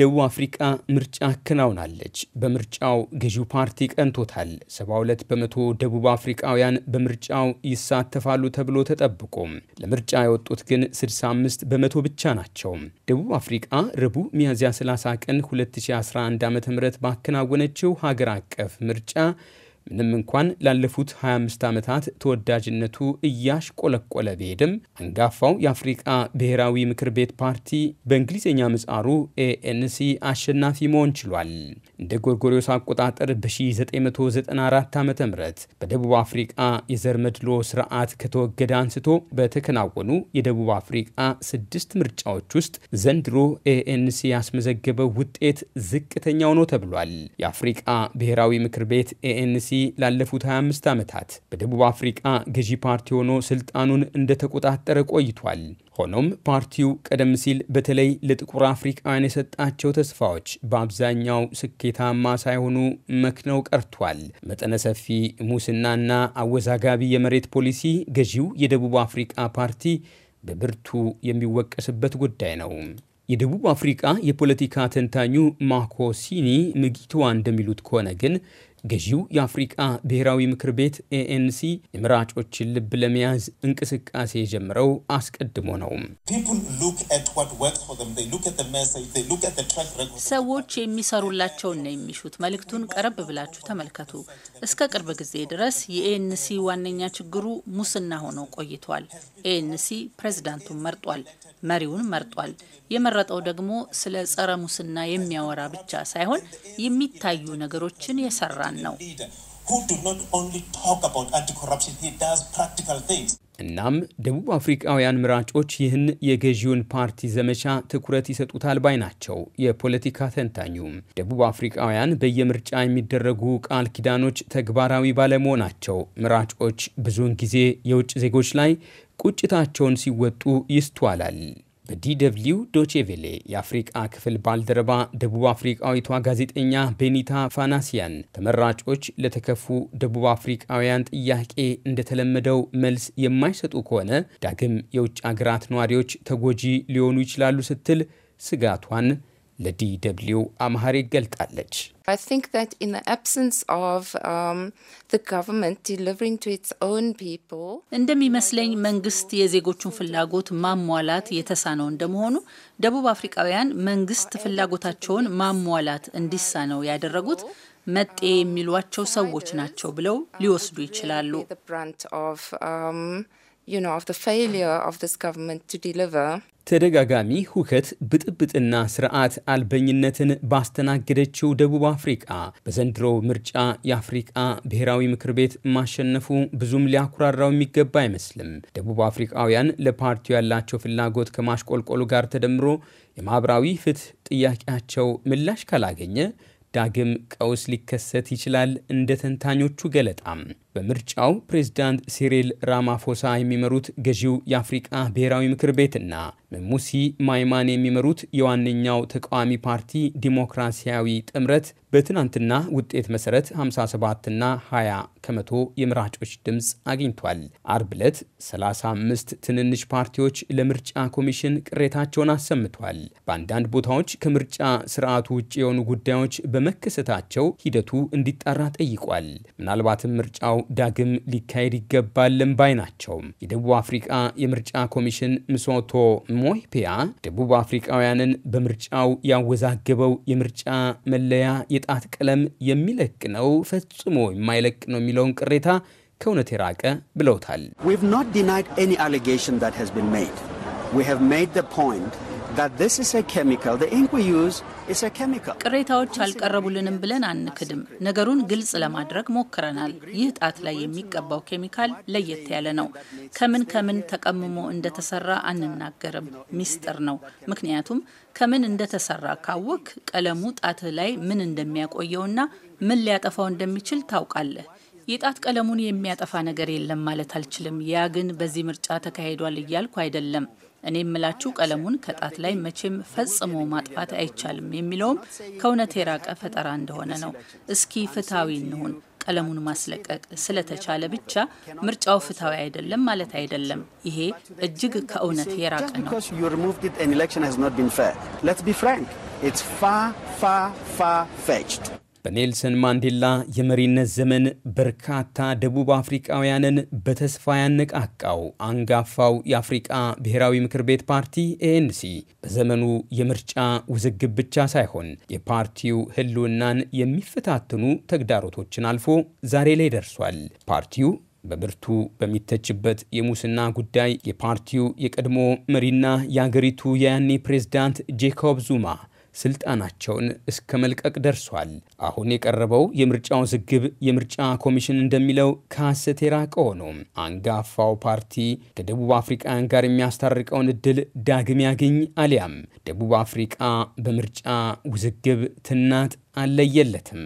ደቡብ አፍሪቃ ምርጫ አከናውናለች። በምርጫው ገዢው ፓርቲ ቀንቶታል። 72 በመቶ ደቡብ አፍሪቃውያን በምርጫው ይሳተፋሉ ተብሎ ተጠብቆ ለምርጫ የወጡት ግን 65 በመቶ ብቻ ናቸው። ደቡብ አፍሪቃ ረቡዕ ሚያዝያ 30 ቀን 2011 ዓ ም ባከናወነችው ሀገር አቀፍ ምርጫ ምንም እንኳን ላለፉት 25 ዓመታት ተወዳጅነቱ እያሽቆለቆለ ቢሄድም አንጋፋው የአፍሪቃ ብሔራዊ ምክር ቤት ፓርቲ በእንግሊዝኛ ምጻሩ ኤኤንሲ አሸናፊ መሆን ችሏል። እንደ ጎርጎሪዮስ አቆጣጠር በ1994 ዓ ም በደቡብ አፍሪቃ የዘር መድሎ ስርዓት ከተወገደ አንስቶ በተከናወኑ የደቡብ አፍሪቃ ስድስት ምርጫዎች ውስጥ ዘንድሮ ኤኤንሲ ያስመዘገበው ውጤት ዝቅተኛው ነው ተብሏል። የአፍሪቃ ብሔራዊ ምክር ቤት ኤኤንሲ ላለፉት 25 ዓመታት በደቡብ አፍሪቃ ገዢ ፓርቲ ሆኖ ስልጣኑን እንደተቆጣጠረ ቆይቷል። ሆኖም ፓርቲው ቀደም ሲል በተለይ ለጥቁር አፍሪቃውያን የሰጣቸው ተስፋዎች በአብዛኛው ስኬታማ ሳይሆኑ መክነው ቀርቷል። መጠነ ሰፊ ሙስናና አወዛጋቢ የመሬት ፖሊሲ ገዢው የደቡብ አፍሪቃ ፓርቲ በብርቱ የሚወቀስበት ጉዳይ ነው። የደቡብ አፍሪቃ የፖለቲካ ተንታኙ ማኮሲኒ ምግትዋ እንደሚሉት ከሆነ ግን ገዢው የአፍሪቃ ብሔራዊ ምክር ቤት ኤኤንሲ የምራጮችን ልብ ለመያዝ እንቅስቃሴ የጀመረው አስቀድሞ ነው። ሰዎች የሚሰሩላቸውን ነው የሚሹት። መልእክቱን ቀረብ ብላችሁ ተመልከቱ። እስከ ቅርብ ጊዜ ድረስ የኤኤንሲ ዋነኛ ችግሩ ሙስና ሆኖ ቆይቷል። ኤኤንሲ ፕሬዝዳንቱን መርጧል፣ መሪውን መርጧል። የመረጠው ደግሞ ስለ ጸረ ሙስና የሚያወራ ብቻ ሳይሆን የሚታዩ ነገሮችን የሰራ ስልጣን ነው። እናም ደቡብ አፍሪካውያን ምራጮች ይህን የገዢውን ፓርቲ ዘመቻ ትኩረት ይሰጡታል ባይ ናቸው። የፖለቲካ ተንታኙም ደቡብ አፍሪካውያን በየምርጫ የሚደረጉ ቃል ኪዳኖች ተግባራዊ ባለመሆናቸው ምራጮች ብዙውን ጊዜ የውጭ ዜጎች ላይ ቁጭታቸውን ሲወጡ ይስተዋላል። በዲደብልዩ ዶቼቬሌ የአፍሪቃ ክፍል ባልደረባ ደቡብ አፍሪቃዊቷ ጋዜጠኛ ቤኒታ ፋናሲያን ተመራጮች ለተከፉ ደቡብ አፍሪቃውያን ጥያቄ እንደተለመደው መልስ የማይሰጡ ከሆነ ዳግም የውጭ አገራት ነዋሪዎች ተጎጂ ሊሆኑ ይችላሉ ስትል ስጋቷን ለዲ አምሃሪ ገልጣለች። um, እንደሚመስለኝ መንግስት የዜጎቹን ፍላጎት ማሟላት የተሳነው እንደመሆኑ ደቡብ አፍሪካውያን መንግስት ፍላጎታቸውን ማሟላት እንዲሳነው ያደረጉት መጤ የሚሏቸው ሰዎች ናቸው ብለው ሊወስዱ ይችላሉ። ተደጋጋሚ ሁከት ብጥብጥና ስርዓት አልበኝነትን ባስተናገደችው ደቡብ አፍሪቃ በዘንድሮ ምርጫ የአፍሪቃ ብሔራዊ ምክር ቤት ማሸነፉ ብዙም ሊያኩራራው የሚገባ አይመስልም። ደቡብ አፍሪቃውያን ለፓርቲው ያላቸው ፍላጎት ከማሽቆልቆሉ ጋር ተደምሮ የማኅበራዊ ፍትህ ጥያቄያቸው ምላሽ ካላገኘ ዳግም ቀውስ ሊከሰት ይችላል እንደ ተንታኞቹ ገለጣም በምርጫው ፕሬዝዳንት ሲሪል ራማፎሳ የሚመሩት ገዢው የአፍሪቃ ብሔራዊ ምክር ቤትና መሙሲ ማይማን የሚመሩት የዋነኛው ተቃዋሚ ፓርቲ ዲሞክራሲያዊ ጥምረት በትናንትና ውጤት መሰረት 57ና 20 ከመቶ የምራጮች ድምፅ አግኝቷል። አርብ ዕለት 35 ትንንሽ ፓርቲዎች ለምርጫ ኮሚሽን ቅሬታቸውን አሰምቷል። በአንዳንድ ቦታዎች ከምርጫ ስርዓቱ ውጭ የሆኑ ጉዳዮች በመከሰታቸው ሂደቱ እንዲጣራ ጠይቋል። ምናልባትም ምርጫው ዳግም ሊካሄድ ይገባልን ባይ ናቸው። የደቡብ አፍሪቃ የምርጫ ኮሚሽን ምሶቶ ሞይፔያ ደቡብ አፍሪቃውያንን በምርጫው ያወዛገበው የምርጫ መለያ የጣት ቀለም የሚለቅ ነው፣ ፈጽሞ የማይለቅ ነው የሚለውን ቅሬታ ከእውነት የራቀ ብለውታል። ቅሬታዎች አልቀረቡልንም ብለን አንክድም። ነገሩን ግልጽ ለማድረግ ሞክረናል። ይህ ጣት ላይ የሚቀባው ኬሚካል ለየት ያለ ነው። ከምን ከምን ተቀምሞ እንደተሰራ አንናገርም፣ ሚስጥር ነው። ምክንያቱም ከምን እንደተሰራ ካወክ ቀለሙ ጣት ላይ ምን እንደሚያቆየውና ምን ሊያጠፋው እንደሚችል ታውቃለህ። የጣት ቀለሙን የሚያጠፋ ነገር የለም ማለት አልችልም። ያ ግን በዚህ ምርጫ ተካሂዷል እያልኩ አይደለም። እኔ የምላችሁ ቀለሙን ከጣት ላይ መቼም ፈጽሞ ማጥፋት አይቻልም የሚለውም ከእውነት የራቀ ፈጠራ እንደሆነ ነው። እስኪ ፍትሐዊ እንሁን። ቀለሙን ማስለቀቅ ስለተቻለ ብቻ ምርጫው ፍትሐዊ አይደለም ማለት አይደለም። ይሄ እጅግ ከእውነት የራቀ ነው። በኔልሰን ማንዴላ የመሪነት ዘመን በርካታ ደቡብ አፍሪቃውያንን በተስፋ ያነቃቃው አንጋፋው የአፍሪቃ ብሔራዊ ምክር ቤት ፓርቲ ኤኤንሲ በዘመኑ የምርጫ ውዝግብ ብቻ ሳይሆን የፓርቲው ሕልውናን የሚፈታትኑ ተግዳሮቶችን አልፎ ዛሬ ላይ ደርሷል። ፓርቲው በብርቱ በሚተችበት የሙስና ጉዳይ የፓርቲው የቀድሞ መሪና የአገሪቱ የያኔ ፕሬዝዳንት ጄኮብ ዙማ ስልጣናቸውን እስከ መልቀቅ ደርሷል። አሁን የቀረበው የምርጫው ውዝግብ የምርጫ ኮሚሽን እንደሚለው ከሐሰት የራቀ ሆኖ አንጋፋው ፓርቲ ከደቡብ አፍሪቃውያን ጋር የሚያስታርቀውን እድል ዳግም ያገኝ አሊያም ደቡብ አፍሪቃ በምርጫ ውዝግብ ትናት አለየለትም።